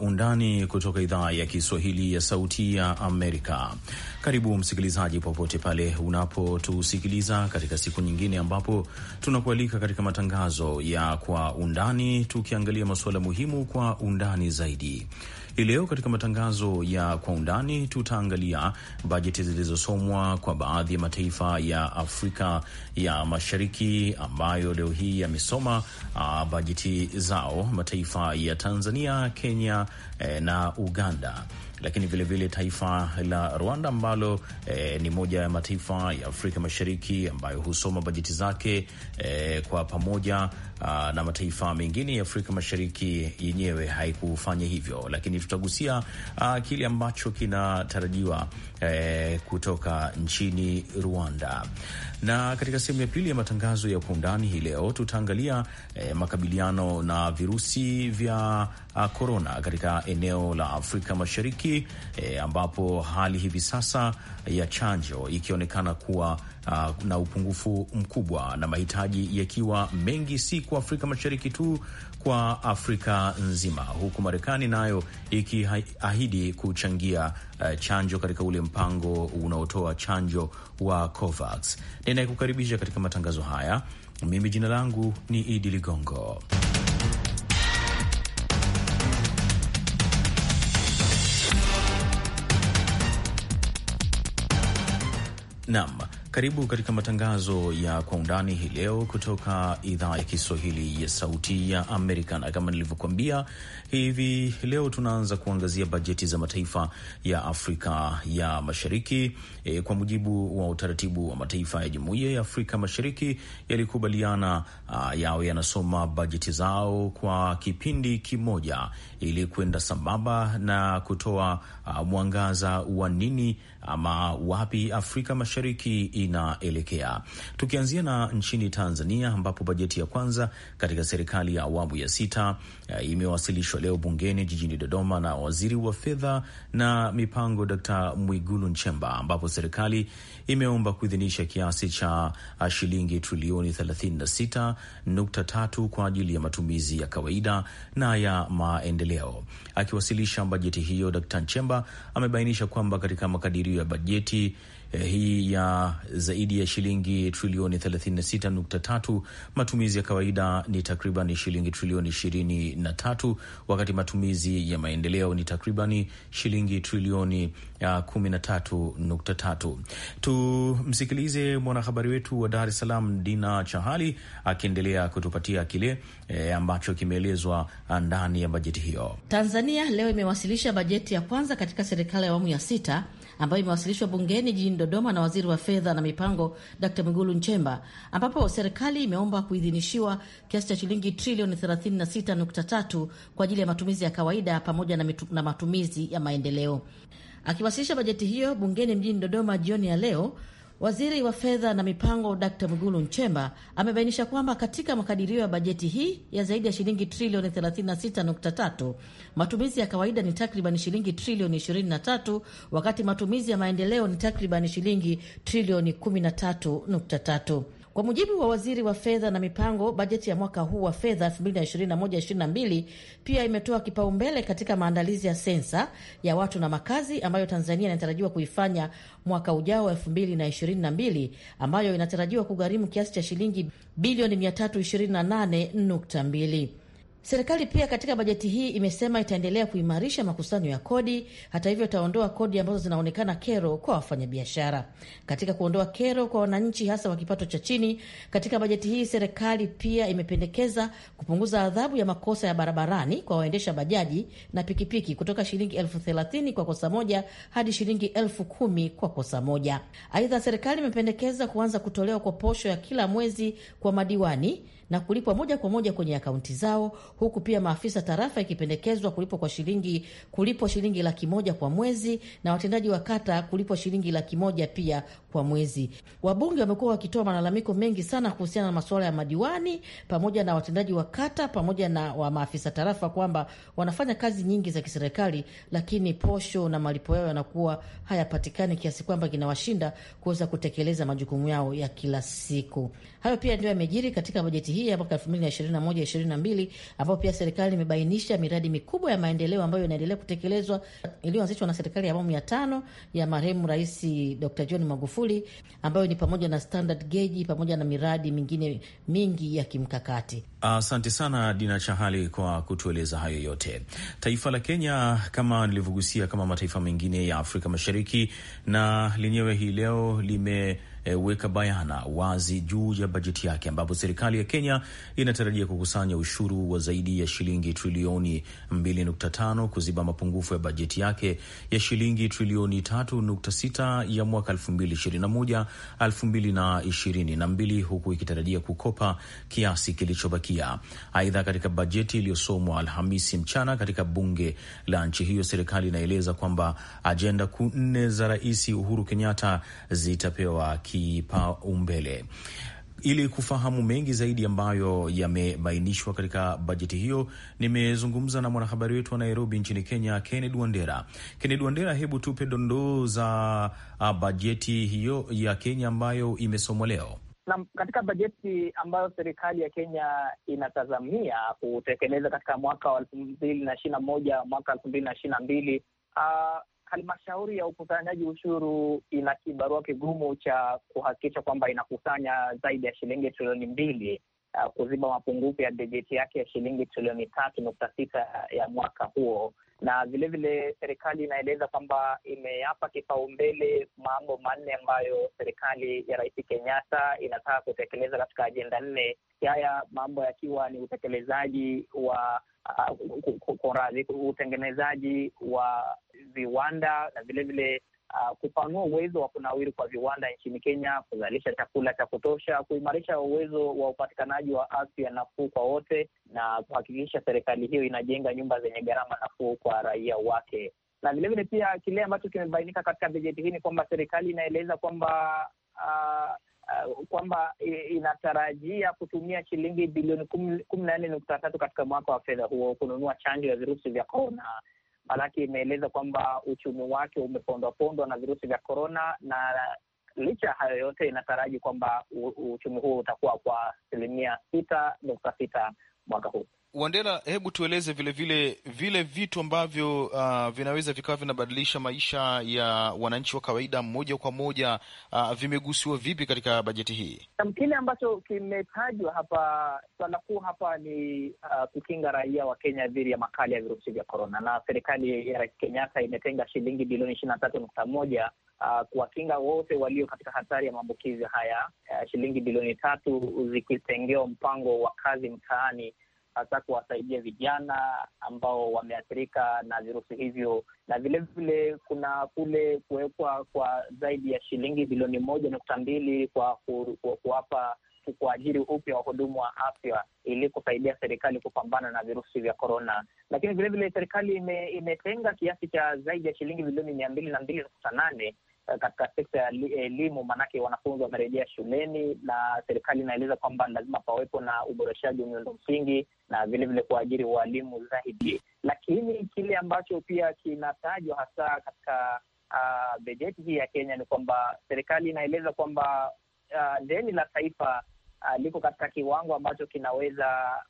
Undani kutoka idhaa ya Kiswahili ya Sauti ya Amerika. Karibu msikilizaji, popote pale unapotusikiliza katika siku nyingine ambapo tunakualika katika matangazo ya Kwa Undani, tukiangalia masuala muhimu kwa undani zaidi. Hii leo katika matangazo ya kwa undani tutaangalia bajeti zilizosomwa kwa baadhi ya mataifa ya Afrika ya Mashariki ambayo leo hii yamesoma ah, bajeti zao, mataifa ya Tanzania, Kenya eh, na Uganda lakini vilevile vile taifa la Rwanda ambalo eh, ni moja ya mataifa ya Afrika Mashariki ambayo husoma bajeti zake eh, kwa pamoja uh, na mataifa mengine ya Afrika Mashariki yenyewe haikufanya hivyo, lakini tutagusia uh, kile ambacho kinatarajiwa eh, kutoka nchini Rwanda. Na katika sehemu ya pili ya matangazo ya kwa undani hii leo tutaangalia eh, makabiliano na virusi vya korona ah, uh, katika eneo la Afrika Mashariki eh, ambapo hali hivi sasa ya chanjo ikionekana kuwa Uh, na upungufu mkubwa na mahitaji yakiwa mengi, si kwa Afrika Mashariki tu, kwa Afrika nzima, huku Marekani nayo ikiahidi kuchangia uh, chanjo katika ule mpango unaotoa chanjo wa COVAX. Ninayekukaribisha katika matangazo haya mimi jina langu ni Idi Ligongo. Nam karibu katika matangazo ya kwa undani hii leo kutoka idhaa ya Kiswahili ya Sauti ya Amerika, na kama nilivyokuambia hivi leo tunaanza kuangazia bajeti za mataifa ya Afrika ya Mashariki e, kwa mujibu wa utaratibu wa mataifa ya Jumuiya ya Afrika Mashariki yalikubaliana yawe yanasoma bajeti zao kwa kipindi kimoja ili kwenda sambamba na kutoa uh, mwangaza wa nini ama wapi Afrika Mashariki inaelekea. Tukianzia na nchini Tanzania ambapo bajeti ya kwanza katika serikali ya awamu ya sita uh, imewasilishwa leo bungeni jijini Dodoma na waziri wa fedha na mipango Dkt. Mwigulu Nchemba, ambapo serikali imeomba kuidhinisha kiasi cha ah, shilingi trilioni 36.3 kwa ajili ya matumizi ya kawaida na ya maendeleo maendeleo. Akiwasilisha bajeti hiyo, d Nchemba amebainisha kwamba katika makadirio ya bajeti Eh, hii ya zaidi ya shilingi trilioni 36.3. Matumizi ya kawaida ni takriban shilingi trilioni 23, wakati matumizi ya maendeleo ni takriban shilingi trilioni 13.3. Tumsikilize mwanahabari wetu wa Dar es Salaam Dina Chahali akiendelea kutupatia kile e, ambacho kimeelezwa ndani ya bajeti hiyo. Tanzania leo imewasilisha bajeti ya kwanza katika serikali ya awamu ya sita ambayo imewasilishwa bungeni jijini Dodoma na waziri wa fedha na mipango d Mwigulu Nchemba, ambapo serikali imeomba kuidhinishiwa kiasi cha shilingi trilioni 36.3 kwa ajili ya matumizi ya kawaida pamoja na, mitu, na matumizi ya maendeleo. Akiwasilisha bajeti hiyo bungeni mjini Dodoma jioni ya leo Waziri wa fedha na mipango Dkt mgulu Nchemba amebainisha kwamba katika makadirio ya bajeti hii ya zaidi ya shilingi trilioni 36.3 matumizi ya kawaida ni takriban shilingi trilioni 23, wakati matumizi ya maendeleo ni takriban shilingi trilioni 13.3. Kwa mujibu wa waziri wa fedha na mipango, bajeti ya mwaka huu wa fedha 2021/2022 pia imetoa kipaumbele katika maandalizi ya sensa ya watu na makazi ambayo Tanzania inatarajiwa kuifanya mwaka ujao wa 2022 ambayo inatarajiwa kugharimu kiasi cha shilingi bilioni 328.2. Serikali pia katika bajeti hii imesema itaendelea kuimarisha makusanyo ya kodi. Hata hivyo, itaondoa kodi ambazo zinaonekana kero kwa wafanyabiashara. Katika kuondoa kero kwa wananchi, hasa wa kipato cha chini, katika bajeti hii serikali pia imependekeza kupunguza adhabu ya makosa ya barabarani kwa waendesha bajaji na pikipiki kutoka shilingi elfu thelathini kwa kosa moja hadi shilingi elfu kumi kwa kosa moja. Aidha, serikali imependekeza kuanza kutolewa kwa posho ya kila mwezi kwa madiwani na kulipwa moja kwa moja kwenye akaunti zao, huku pia maafisa tarafa ikipendekezwa kulipwa kwa shilingi kulipwa shilingi laki moja kwa mwezi na watendaji wa kata kulipwa shilingi laki moja pia kwa mwezi. Wabunge wamekuwa wakitoa malalamiko mengi sana kuhusiana na masuala ya madiwani pamoja na watendaji wa kata pamoja na wa maafisa tarafa kwamba wanafanya kazi nyingi za kiserikali, lakini posho na malipo yao yanakuwa hayapatikani kiasi kwamba kinawashinda kuweza kutekeleza majukumu yao ya kila siku. Hayo pia ndio yamejiri katika bajeti hii ya mwaka 2021/2022 ambapo pia serikali imebainisha miradi mikubwa ya maendeleo ambayo inaendelea kutekelezwa iliyoanzishwa na serikali ya awamu ya tano ya marehemu Rais Dr John Magufuli, ambayo ni pamoja na standard geji pamoja na miradi mingine mingi ya kimkakati. Asante uh, sana Dina Chahali kwa kutueleza hayo yote. Taifa la Kenya kama nilivyogusia, kama mataifa mengine ya Afrika Mashariki, na lenyewe hii leo lime Eh, weka bayana wazi juu ya bajeti yake, ambapo serikali ya Kenya inatarajia kukusanya ushuru wa zaidi ya shilingi trilioni 2.5 kuziba mapungufu ya bajeti yake ya shilingi trilioni 3.6 ya mwaka 2021 2022, huku ikitarajia kukopa kiasi kilichobakia. Aidha, katika bajeti iliyosomwa Alhamisi mchana katika bunge la nchi hiyo, serikali inaeleza kwamba ajenda nne za Rais Uhuru Kenyatta zitapewa ki kipaumbele. Ili kufahamu mengi zaidi ambayo yamebainishwa katika bajeti hiyo, nimezungumza na mwanahabari wetu wa Nairobi nchini Kenya, Kennedy Wandera. Kennedy Wandera, hebu tupe dondoo za bajeti hiyo ya Kenya ambayo imesomwa leo. Na katika bajeti ambayo serikali ya Kenya inatazamia kutekeleza katika mwaka wa elfu mbili na ishirini na moja mwaka elfu mbili na ishirini na mbili halmashauri ya ukusanyaji ushuru ina kibarua kigumu cha kuhakikisha kwamba inakusanya zaidi ya shilingi trilioni mbili uh, kuziba mapungufu ya bajeti yake ya shilingi trilioni tatu nukta sita ya mwaka huo na vilevile serikali inaeleza kwamba imeyapa kipaumbele mambo manne ambayo serikali ya Rais Kenyatta inataka kutekeleza katika ajenda nne. Haya mambo yakiwa ni utekelezaji wa radhi utengenezaji wa viwanda na vilevile Uh, kupanua uwezo wa kunawiri kwa viwanda nchini Kenya, kuzalisha chakula cha kutosha, kuimarisha uwezo wa upatikanaji wa afya nafuu kwa wote, na kuhakikisha serikali hiyo inajenga nyumba zenye gharama nafuu kwa raia wake. Na vilevile pia kile ambacho kimebainika katika bajeti hii ni kwamba serikali inaeleza kwamba uh, uh, kwamba inatarajia kutumia shilingi bilioni kumi na nne nukta tatu katika mwaka wa fedha huo kununua chanjo ya virusi vya korona. Maanake imeeleza kwamba uchumi wake umepondwapondwa na virusi vya korona, na licha ya hayo yote inataraji kwamba uchumi huo utakuwa kwa asilimia sita nukta sita mwaka huu wandela hebu tueleze vilevile vile, vile vitu ambavyo uh, vinaweza vikawa vinabadilisha maisha ya wananchi wa kawaida moja kwa moja uh, vimegusiwa vipi katika bajeti hii? Kile ambacho kimetajwa hapa, swala kuu hapa ni uh, kukinga raia wa Kenya dhidi ya makali ya virusi vya korona, na serikali ya Rais Kenyatta imetenga shilingi bilioni ishirini na tatu nukta moja Uh, kuwakinga wote walio katika hatari ya maambukizi haya. Uh, shilingi bilioni tatu zikitengewa mpango wa kazi mtaani hasa kuwasaidia vijana ambao wameathirika na virusi hivyo, na vilevile vile kuna kule kuwekwa kwa zaidi ya shilingi bilioni moja nukta mbili kwa kuwapa kuajiri upya wahudumu wa afya ili kusaidia serikali kupambana na virusi vya korona. Lakini vilevile serikali imetenga kiasi cha zaidi ya shilingi bilioni mia mbili na mbili nukta nane Eh, katika sekta ya eh, elimu, maanake wanafunzi wamerejea shuleni na serikali inaeleza kwamba lazima pawepo na uboreshaji wa miundo msingi na vilevile kuajiri walimu zaidi. Lakini kile ambacho pia kinatajwa hasa katika uh, bajeti hii ya Kenya ni kwamba serikali inaeleza kwamba uh, deni la taifa uh, liko katika kiwango ambacho kinaweza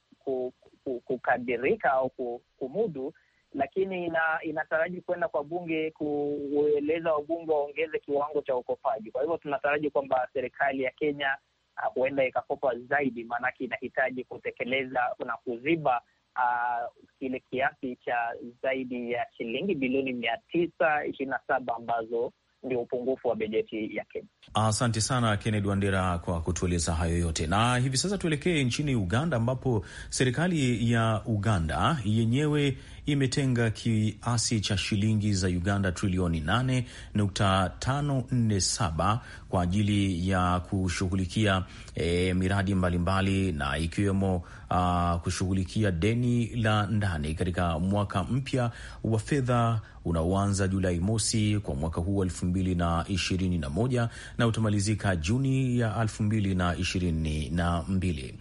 kukadirika au kumudu lakini ina, inataraji kwenda kwa bunge kueleza wabunge waongeze kiwango cha ukopaji. Kwa hivyo tunataraji kwamba serikali ya Kenya ah, huenda uh, ikakopa zaidi, maanake inahitaji kutekeleza na kuziba uh, kile kiasi cha zaidi ya shilingi bilioni mia tisa ishirini na saba ambazo ndio upungufu wa bajeti ya Kenya. Asante sana Kennedy Wandera kwa kutueleza hayo yote, na hivi sasa tuelekee nchini Uganda ambapo serikali ya Uganda yenyewe imetenga kiasi cha shilingi za Uganda trilioni 8.547 kwa ajili ya kushughulikia e, miradi mbalimbali mbali na ikiwemo uh, kushughulikia deni la ndani katika mwaka mpya wa fedha unaoanza Julai mosi kwa mwaka huu elfu mbili na ishirini na moja na utamalizika Juni ya elfu mbili na ishirini na mbili.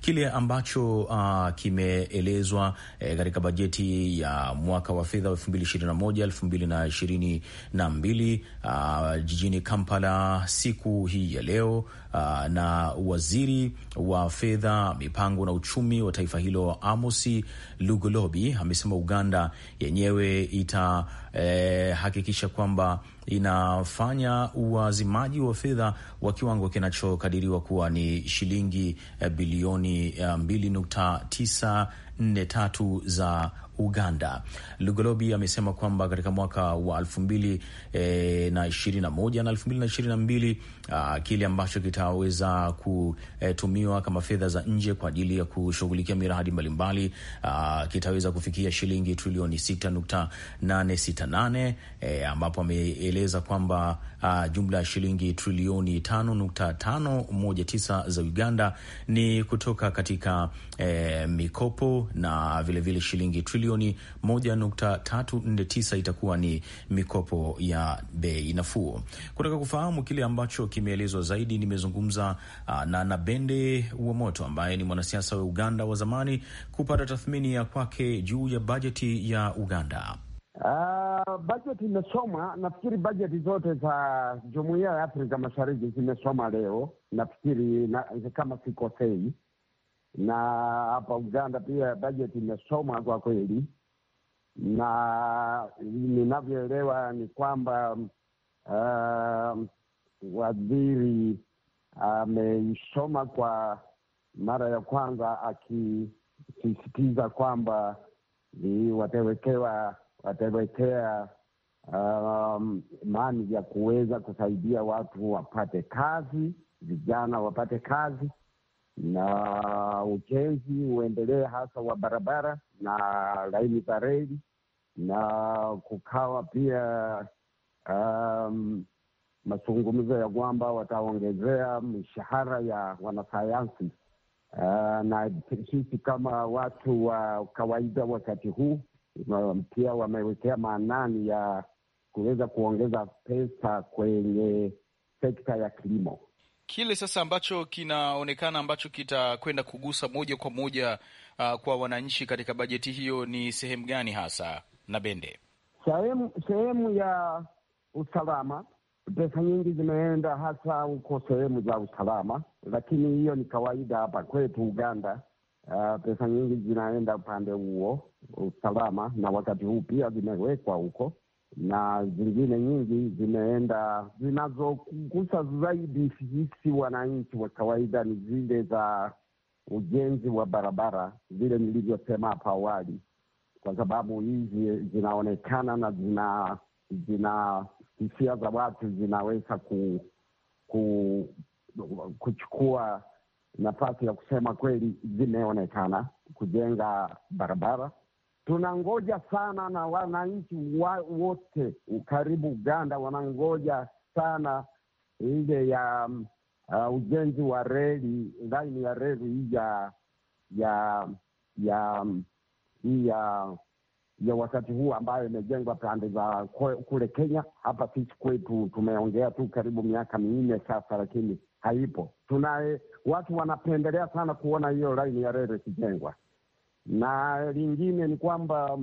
Kile ambacho uh, kimeelezwa eh, katika bajeti ya mwaka wa fedha elfu mbili ishirini na moja elfu mbili na ishirini na mbili uh, jijini Kampala siku hii ya leo uh, na waziri wa fedha, mipango na uchumi uchumi wa taifa hilo Amosi Lugolobi amesema Uganda yenyewe itahakikisha eh, e, kwamba inafanya uwazimaji wa fedha wa kiwango kinachokadiriwa kuwa ni shilingi eh, bilioni 2.943 eh, za Uganda. Lugolobi amesema kwamba katika mwaka wa elfu mbili e, na ishirini na moja na elfu mbili na ishirini na mbili ah, kile ambacho kitaweza kutumiwa kama fedha za nje kwa ajili ya kushughulikia miradi mbalimbali ah, kitaweza kufikia shilingi trilioni 6.868 e, eh, ambapo ameeleza kwamba uh, jumla ya shilingi trilioni 5.519 za Uganda ni kutoka katika eh, mikopo na vilevile vile shilingi trilioni 1.349 itakuwa ni mikopo ya bei nafuu. Kutaka kufahamu kile ambacho kimeelezwa zaidi, nimezungumza uh, na Nabende wa Moto ambaye ni mwanasiasa wa Uganda wa zamani kupata tathmini ya kwake juu ya bajeti ya Uganda. Uh, ah, bajeti imesoma. Nafikiri bajeti zote za jumuiya ya Afrika Mashariki zimesoma leo, nafikiri na, kama sikosei. Na hapa Uganda pia budget imesoma kwa kweli, na ninavyoelewa ni kwamba uh, waziri ameisoma uh, kwa mara ya kwanza akisisitiza kwamba ni watawekewa watawekea um, mani ya kuweza kusaidia watu wapate kazi, vijana wapate kazi na ujenzi uendelee, hasa wa barabara na laini za reli, na kukawa pia um, mazungumzo ya kwamba wataongezea mishahara ya wanasayansi uh, na sisi kama watu wa kawaida wakati huu pia wamewekea maanani ya kuweza kuongeza pesa kwenye sekta ya kilimo. Kile sasa ambacho kinaonekana ambacho kitakwenda kugusa moja kwa moja uh, kwa wananchi katika bajeti hiyo ni sehemu gani hasa? na Bende, sehemu sehemu ya usalama, pesa nyingi zimeenda hasa huko sehemu za usalama, lakini hiyo ni kawaida hapa kwetu Uganda Uh, pesa nyingi zinaenda upande huo usalama, na wakati huu pia zimewekwa huko, na zingine nyingi zimeenda zinazogusa zaidi sisi wananchi wa kawaida ni zile za ujenzi wa barabara, vile nilivyosema hapo awali, kwa sababu hizi zinaonekana na zina zina hisia za watu zinaweza ku, ku, kuchukua nafasi ya kusema kweli zimeonekana kujenga barabara. Tunangoja sana na wananchi wote karibu Uganda wanangoja sana ile ya mm, uh, ujenzi wa reli, laini ya reli hii ya ya ya mm, ya ya wakati huu ambayo imejengwa pande za kule Kenya. Hapa sisi kwetu tumeongea tu karibu miaka minne sasa, lakini haipo. Tunaye watu wanapendelea sana kuona hiyo laini ya reli ikijengwa, na lingine ni kwamba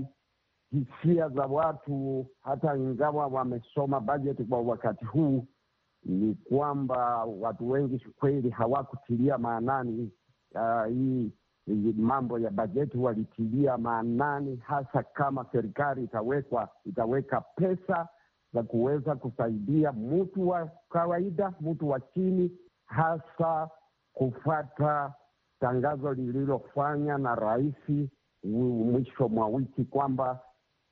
hisia za watu, hata ingawa wamesoma bajeti kwa wakati huu, ni kwamba watu wengi kweli hawakutilia maanani uh, hii mambo ya bajeti walitilia maanani hasa kama serikali itawekwa itaweka pesa za kuweza kusaidia mtu wa kawaida, mtu wa chini hasa kufata tangazo lililofanya na rais mwisho mwa wiki kwamba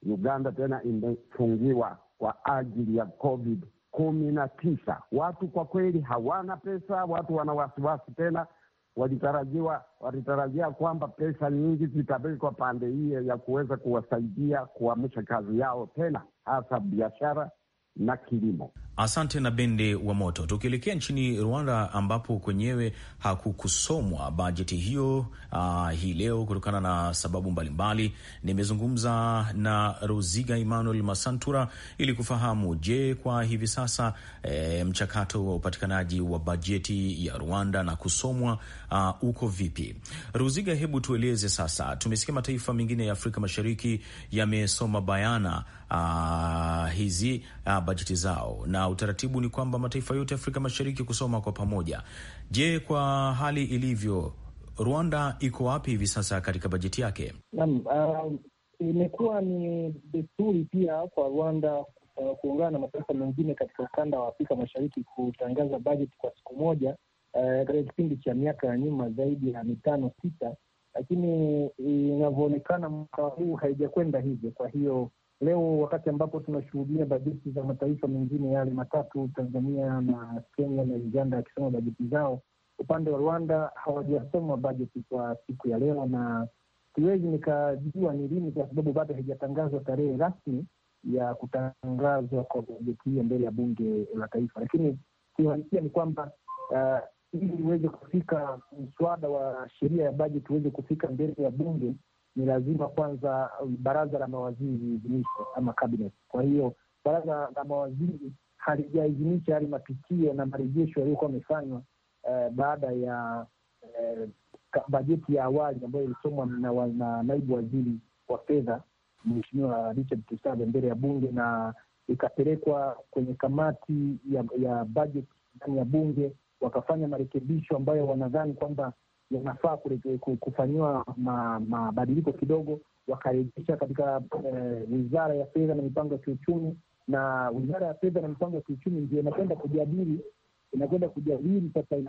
Uganda tena imefungiwa kwa ajili ya COVID kumi na tisa. Watu kwa kweli hawana pesa, watu wana wasiwasi tena. Walitarajiwa, walitarajia kwamba pesa nyingi zitapelekwa pande hiyo ya kuweza kuwasaidia kuamsha kazi yao tena, hasa biashara na kilimo. Asante na Bende wa Moto. Tukielekea nchini Rwanda, ambapo kwenyewe hakukusomwa bajeti hiyo uh, hii leo kutokana na sababu mbalimbali, nimezungumza na Roziga Emmanuel Masantura ili kufahamu, je, kwa hivi sasa e, mchakato wa upatikanaji wa bajeti ya Rwanda na kusomwa uh, uko vipi? Roziga, hebu tueleze sasa. Tumesikia mataifa mengine ya Afrika Mashariki yamesoma bayana uh, hizi uh, bajeti zao na utaratibu ni kwamba mataifa yote Afrika Mashariki kusoma kwa pamoja. Je, kwa hali ilivyo Rwanda iko wapi hivi sasa katika bajeti yake? Naam, um, imekuwa ni desturi pia kwa Rwanda uh, kuungana na mataifa mengine katika ukanda wa Afrika Mashariki kutangaza bajeti kwa siku moja uh, katika kipindi cha miaka ya nyuma zaidi ya mitano sita, lakini eh, inavyoonekana mwaka huu haijakwenda hivyo. Kwa hiyo Leo wakati ambapo tunashuhudia bajeti za mataifa mengine yale matatu, Tanzania na Kenya na Uganda akisoma bajeti zao, upande wa Rwanda hawajasoma bajeti kwa siku ya leo, na siwezi nikajua ni lini, kwa sababu bado haijatangazwa tarehe rasmi ya kutangazwa kwa bajeti hiyo mbele ya bunge la taifa. Lakini kiuhalisia ni kwamba uh, ili uweze kufika mswada wa sheria ya bajeti uweze kufika mbele ya bunge ni lazima kwanza um, baraza la mawaziri liidhinishwe ama cabinet. Kwa hiyo baraza la mawaziri halijaidhinisha hali mapitio na marejesho yaliyokuwa amefanywa eh, baada ya eh, bajeti ya awali ambayo ilisomwa na, wa, na naibu waziri wa fedha Mheshimiwa Richard Tusabe mbele ya bunge na ikapelekwa kwenye kamati ya, ya bajeti ndani ya bunge, wakafanya marekebisho ambayo wanadhani kwamba yanafaa kufanyiwa mabadiliko ma kidogo, wakarejesha katika eh, wizara ya fedha na mipango ya kiuchumi. Na wizara ya fedha na mipango ya kiuchumi ndio inakwenda kujadili inakwenda kujadili sasa, eh,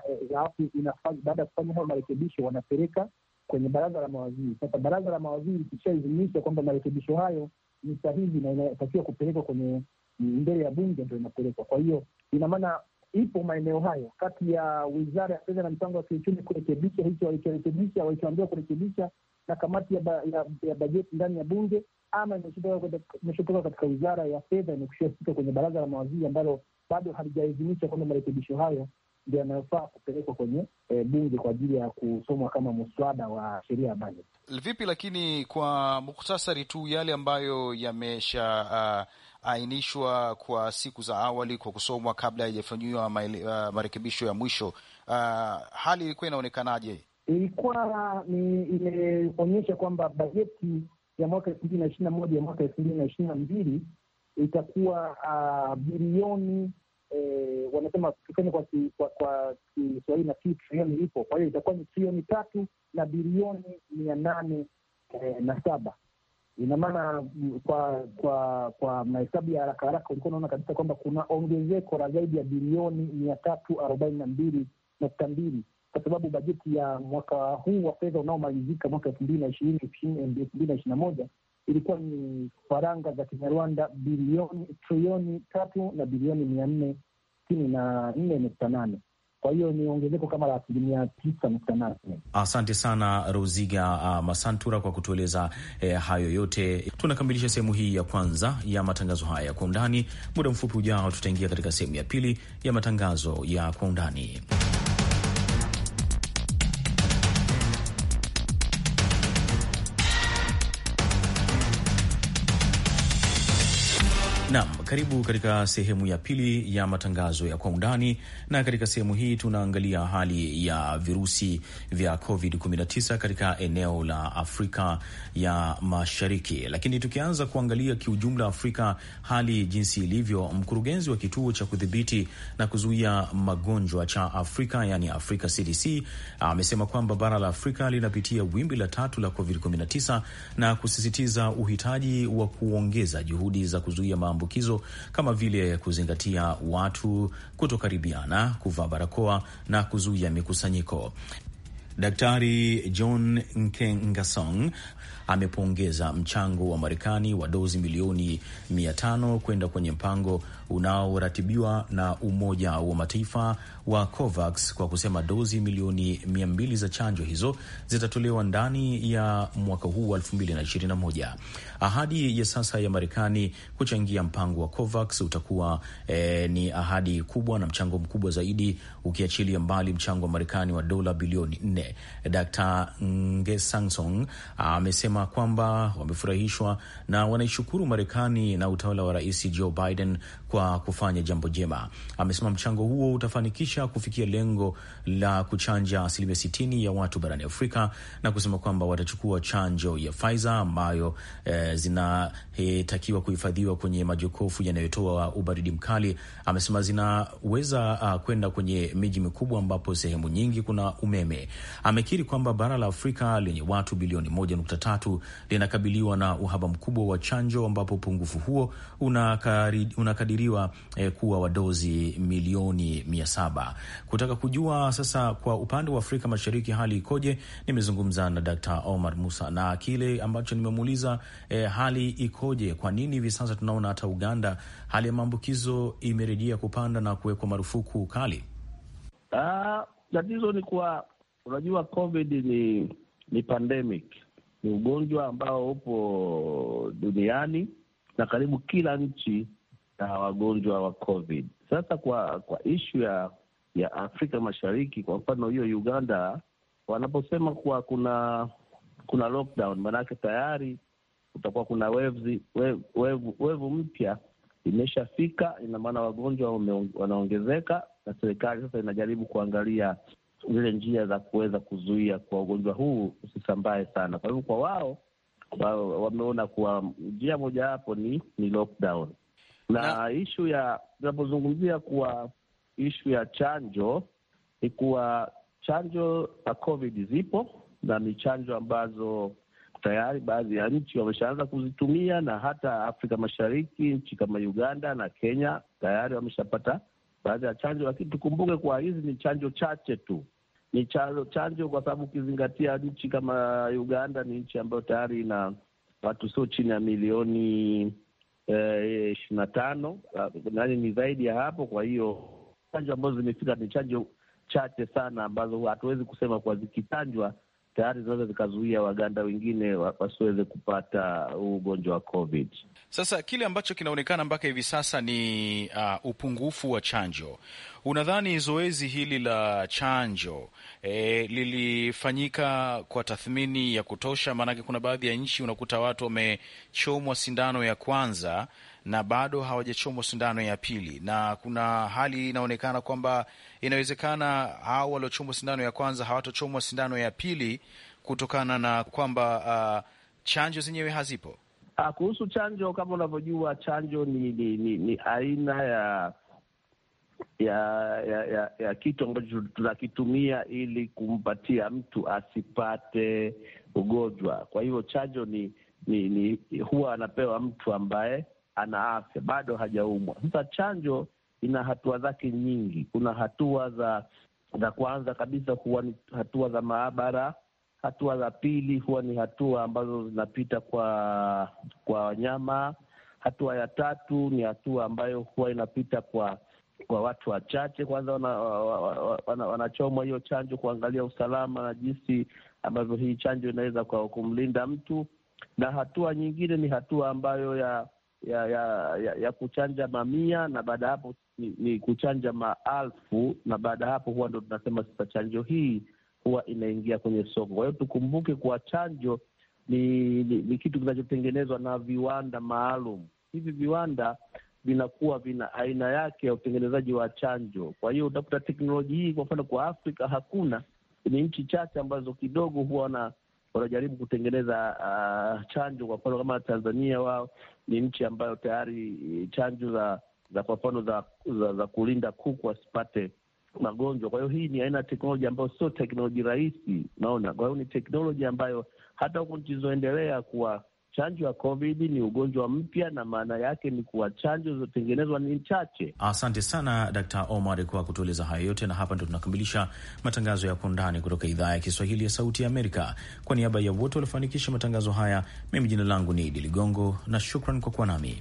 baada ya kufanya hayo marekebisho, wanapeleka kwenye baraza la mawaziri. Sasa baraza la mawaziri ikishaidhinisha kwamba marekebisho hayo ni sahihi na inatakiwa kupelekwa kwenye mbele ya bunge, ndo inapelekwa. Kwa hiyo ina maana ipo maeneo hayo kati ya Wizara ya Fedha na Mipango ya Kiuchumi kurekebisha hicho walichorekebisha, walichoambiwa kurekebisha na kamati ya, ba, ya, ya bajeti ndani ya Bunge, ama imeshotoka katika Wizara ya Fedha, imekushia kwenye Baraza la Mawaziri ambalo bado halijaidhinisha kwamba marekebisho hayo ndio yanayofaa kupelekwa kwenye e, bunge kwa ajili ya kusomwa kama muswada wa sheria ya bajeti. Vipi lakini kwa muktasari tu yale ambayo yamesha uh, ainishwa kwa siku za awali kwa kusomwa kabla haijafanyiwa uh, marekebisho ya mwisho uh, hali ilikuwa inaonekanaje? Ilikuwa ni imeonyesha kwamba bajeti ya mwaka elfu mbili na ishirini na moja ya mwaka elfu mbili na ishirini na mbili itakuwa uh, bilioni eh, wanasema tuseme kwa Kiswahili kwa, kwa, na si trilioni ipo. Kwa hiyo itakuwa ni trilioni tatu na bilioni mia nane eh, na saba Ina maana kwa kwa kwa mahesabu ya haraka haraka ulikuwa unaona kabisa kwamba kuna ongezeko la zaidi ya bilioni mia tatu arobaini na mbili nukta mbili kwa sababu bajeti ya mwaka huu wa fedha unaomalizika mwaka elfu mbili na ishirini elfu mbili na ishirini na moja ilikuwa ni faranga za Kinyarwanda bilioni trilioni tatu na bilioni mia nne sitini na nne nukta nane kwa hiyo ni ongezeko kama la asilimia tisa nukta nane. Asante sana Roziga uh, Masantura kwa kutueleza eh, hayo yote. Tunakamilisha sehemu hii ya kwanza ya matangazo haya ya kwa undani. Muda mfupi ujao, tutaingia katika sehemu ya pili ya matangazo ya kwa undani. Naam. Karibu katika sehemu ya pili ya matangazo ya kwa undani, na katika sehemu hii tunaangalia hali ya virusi vya COVID-19 katika eneo la Afrika ya Mashariki. Lakini tukianza kuangalia kiujumla Afrika hali jinsi ilivyo, mkurugenzi wa kituo cha kudhibiti na kuzuia magonjwa cha Afrika yani afrika CDC amesema kwamba bara la Afrika linapitia wimbi la tatu la COVID-19 na kusisitiza uhitaji wa kuongeza juhudi za kuzuia maambukizo kama vile kuzingatia watu kutokaribiana, kuvaa barakoa na kuzuia mikusanyiko. Daktari John Nkengasong amepongeza mchango wa Marekani wa dozi milioni mia tano kwenda kwenye mpango unaoratibiwa na Umoja wa Mataifa wa COVAX kwa kusema dozi milioni mia mbili za chanjo hizo zitatolewa ndani ya mwaka huu wa moja. Ahadi ya sasa ya Marekani kuchangia mpango wa COVAX utakuwa eh, ni ahadi kubwa na mchango mkubwa zaidi ukiachilia mbali mchango wa Marekani wa dola bilioni nne Dr. Ngesangsong amesema wamesema kwamba wamefurahishwa na wanaishukuru Marekani na utawala wa Rais Joe Biden kwa kufanya jambo jema. Amesema mchango huo utafanikisha kufikia lengo la kuchanja asilimia sitini ya watu barani Afrika na kusema kwamba watachukua chanjo ya Pfizer ambayo eh, zinatakiwa eh, kuhifadhiwa kwenye majokofu yanayotoa ubaridi mkali. Amesema zinaweza uh, kwenda kwenye miji mikubwa ambapo sehemu nyingi kuna umeme. Amekiri kwamba bara la Afrika lenye watu bilioni 1.3 tatu linakabiliwa na uhaba mkubwa wa chanjo ambapo upungufu huo unakadiriwa eh, kuwa wa dozi milioni mia saba. Kutaka kujua sasa kwa upande wa Afrika Mashariki hali ikoje, nimezungumza na Dkt. Omar Musa na kile ambacho nimemuuliza eh, hali ikoje, kwa nini hivi sasa tunaona hata Uganda hali ya maambukizo imerejea kupanda na kuwekwa marufuku kali? Ah, tatizo ni kuwa unajua COVID ni, ni pandemic ni ugonjwa ambao upo duniani na karibu kila nchi na wagonjwa wa COVID. Sasa kwa kwa ishu ya ya Afrika Mashariki, kwa mfano hiyo Uganda, wanaposema kuwa kuna kuna lockdown, maanake tayari kutakuwa kuna wevu wevu mpya imeshafika. Ina maana wagonjwa wanaongezeka, na serikali sasa inajaribu kuangalia zile njia za kuweza kuzuia kwa ugonjwa huu usisambae sana. Kwa hivyo kwa wao wameona kuwa njia mojawapo ni ni lockdown na, na ishu ya tunapozungumzia kuwa ishu ya chanjo ni kuwa chanjo za COVID zipo na ni chanjo ambazo tayari baadhi ya nchi wameshaanza kuzitumia, na hata Afrika Mashariki nchi kama Uganda na Kenya tayari wameshapata baadhi ya chanjo, lakini tukumbuke kuwa hizi ni chanjo chache tu, ni chanjo chanjo, kwa sababu ukizingatia nchi kama Uganda ni nchi ambayo tayari ina watu sio chini ya milioni eh, ishirini na tano, eh, nani ni zaidi ya hapo. Kwa hiyo chanjo ambazo zimefika ni chanjo chache sana, ambazo hatuwezi kusema kuwa zikichanjwa tayari zinaweza zikazuia Waganda wengine wasiweze kupata huu ugonjwa wa COVID. Sasa kile ambacho kinaonekana mpaka hivi sasa ni uh, upungufu wa chanjo. Unadhani zoezi hili la chanjo e, lilifanyika kwa tathmini ya kutosha? Maanake kuna baadhi ya nchi unakuta watu wamechomwa sindano ya kwanza na bado hawajachomwa sindano ya pili, na kuna hali inaonekana kwamba inawezekana hao waliochomwa sindano ya kwanza hawatochomwa sindano ya pili kutokana na kwamba uh, chanjo zenyewe hazipo. Ah, kuhusu chanjo, kama unavyojua, chanjo ni, ni, ni, ni aina ya ya ya, ya, ya kitu ambacho tunakitumia ili kumpatia mtu asipate ugonjwa. Kwa hivyo chanjo ni, ni, ni huwa anapewa mtu ambaye ana afya, bado hajaumwa. Sasa chanjo ina hatua zake nyingi. Kuna hatua za za kwanza kabisa huwa ni hatua za maabara. Hatua za pili huwa ni hatua ambazo zinapita kwa kwa wanyama. Hatua ya tatu ni hatua ambayo huwa inapita kwa kwa watu wachache, kwanza wanachomwa wana hiyo chanjo kuangalia usalama na jinsi ambavyo hii chanjo inaweza kwa kumlinda mtu, na hatua nyingine ni hatua ambayo ya ya ya, ya ya kuchanja mamia na baada ya hapo ni, ni kuchanja maalfu na baada ya hapo huwa ndo tunasema sasa chanjo hii huwa inaingia kwenye soko. Kwa hiyo tukumbuke kuwa chanjo ni, ni, ni kitu kinachotengenezwa na viwanda maalum. Hivi viwanda vinakuwa vina aina yake ya utengenezaji wa chanjo. Kwa hiyo utakuta teknoloji hii, kwa mfano, kwa Afrika hakuna, ni nchi chache ambazo kidogo huwa na wanajaribu kutengeneza uh, chanjo. Kwa mfano kama Tanzania, wao ni nchi ambayo tayari eh, chanjo za za kwa mfano za, za, za kulinda kuku wasipate magonjwa. Kwa hiyo hii ni aina ya teknoloji ambayo sio teknoloji rahisi, naona. Kwa hiyo ni teknoloji ambayo hata huku nchi zilizoendelea kuwa chanjo ya COVID ni ugonjwa mpya na maana yake ni kuwa chanjo zilizotengenezwa ni chache. Asante sana Dr. Omar kwa kutueleza hayo yote, na hapa ndo tunakamilisha matangazo ya Kwa Undani kutoka idhaa ya Kiswahili ya Sauti ya Amerika. Kwa niaba ya wote waliofanikisha matangazo haya, mimi jina langu ni Idi Ligongo na shukran kwa kuwa nami.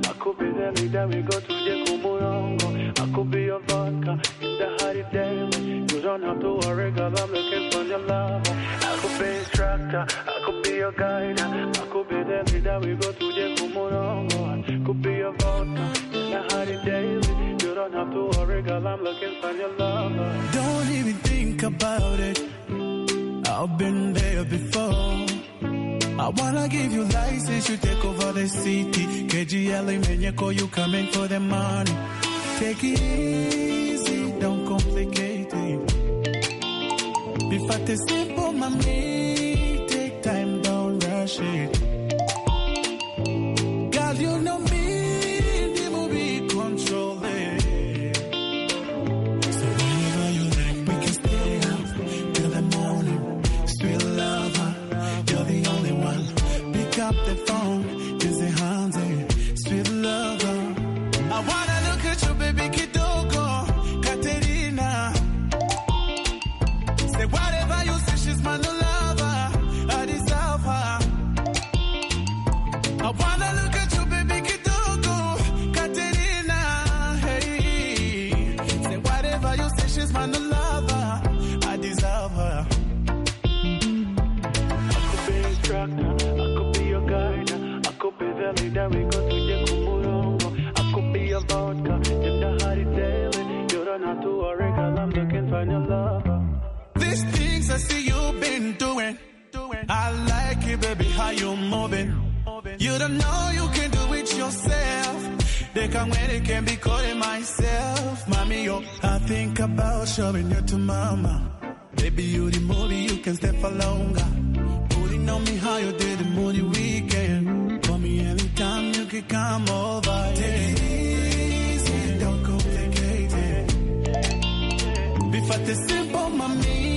could be the leader we go to the Kumurongo. I could be your vodka in the hottie dairy. You don't have to worry, girl, I'm looking for your lover. I could be instructor, I could be your guide. I could be the leader we go to the Kumurongo. I could be your vodka in the hottie dairy. You don't have to worry, girl, I'm looking for your lover. Don't even think about it. I've been there before. I wanna give you license, you take over the city. KGL Menyeko, you coming for the money. Take it easy, don't complicate it. Be fat simple, mommy. Take time, don't rush it. I think about showing you to mama. Baby, you the movie, you can stay for longer. Putting on me how you did the moody weekend. Call me anytime you can come over. Take it easy, don't complicate it. Before the simple, my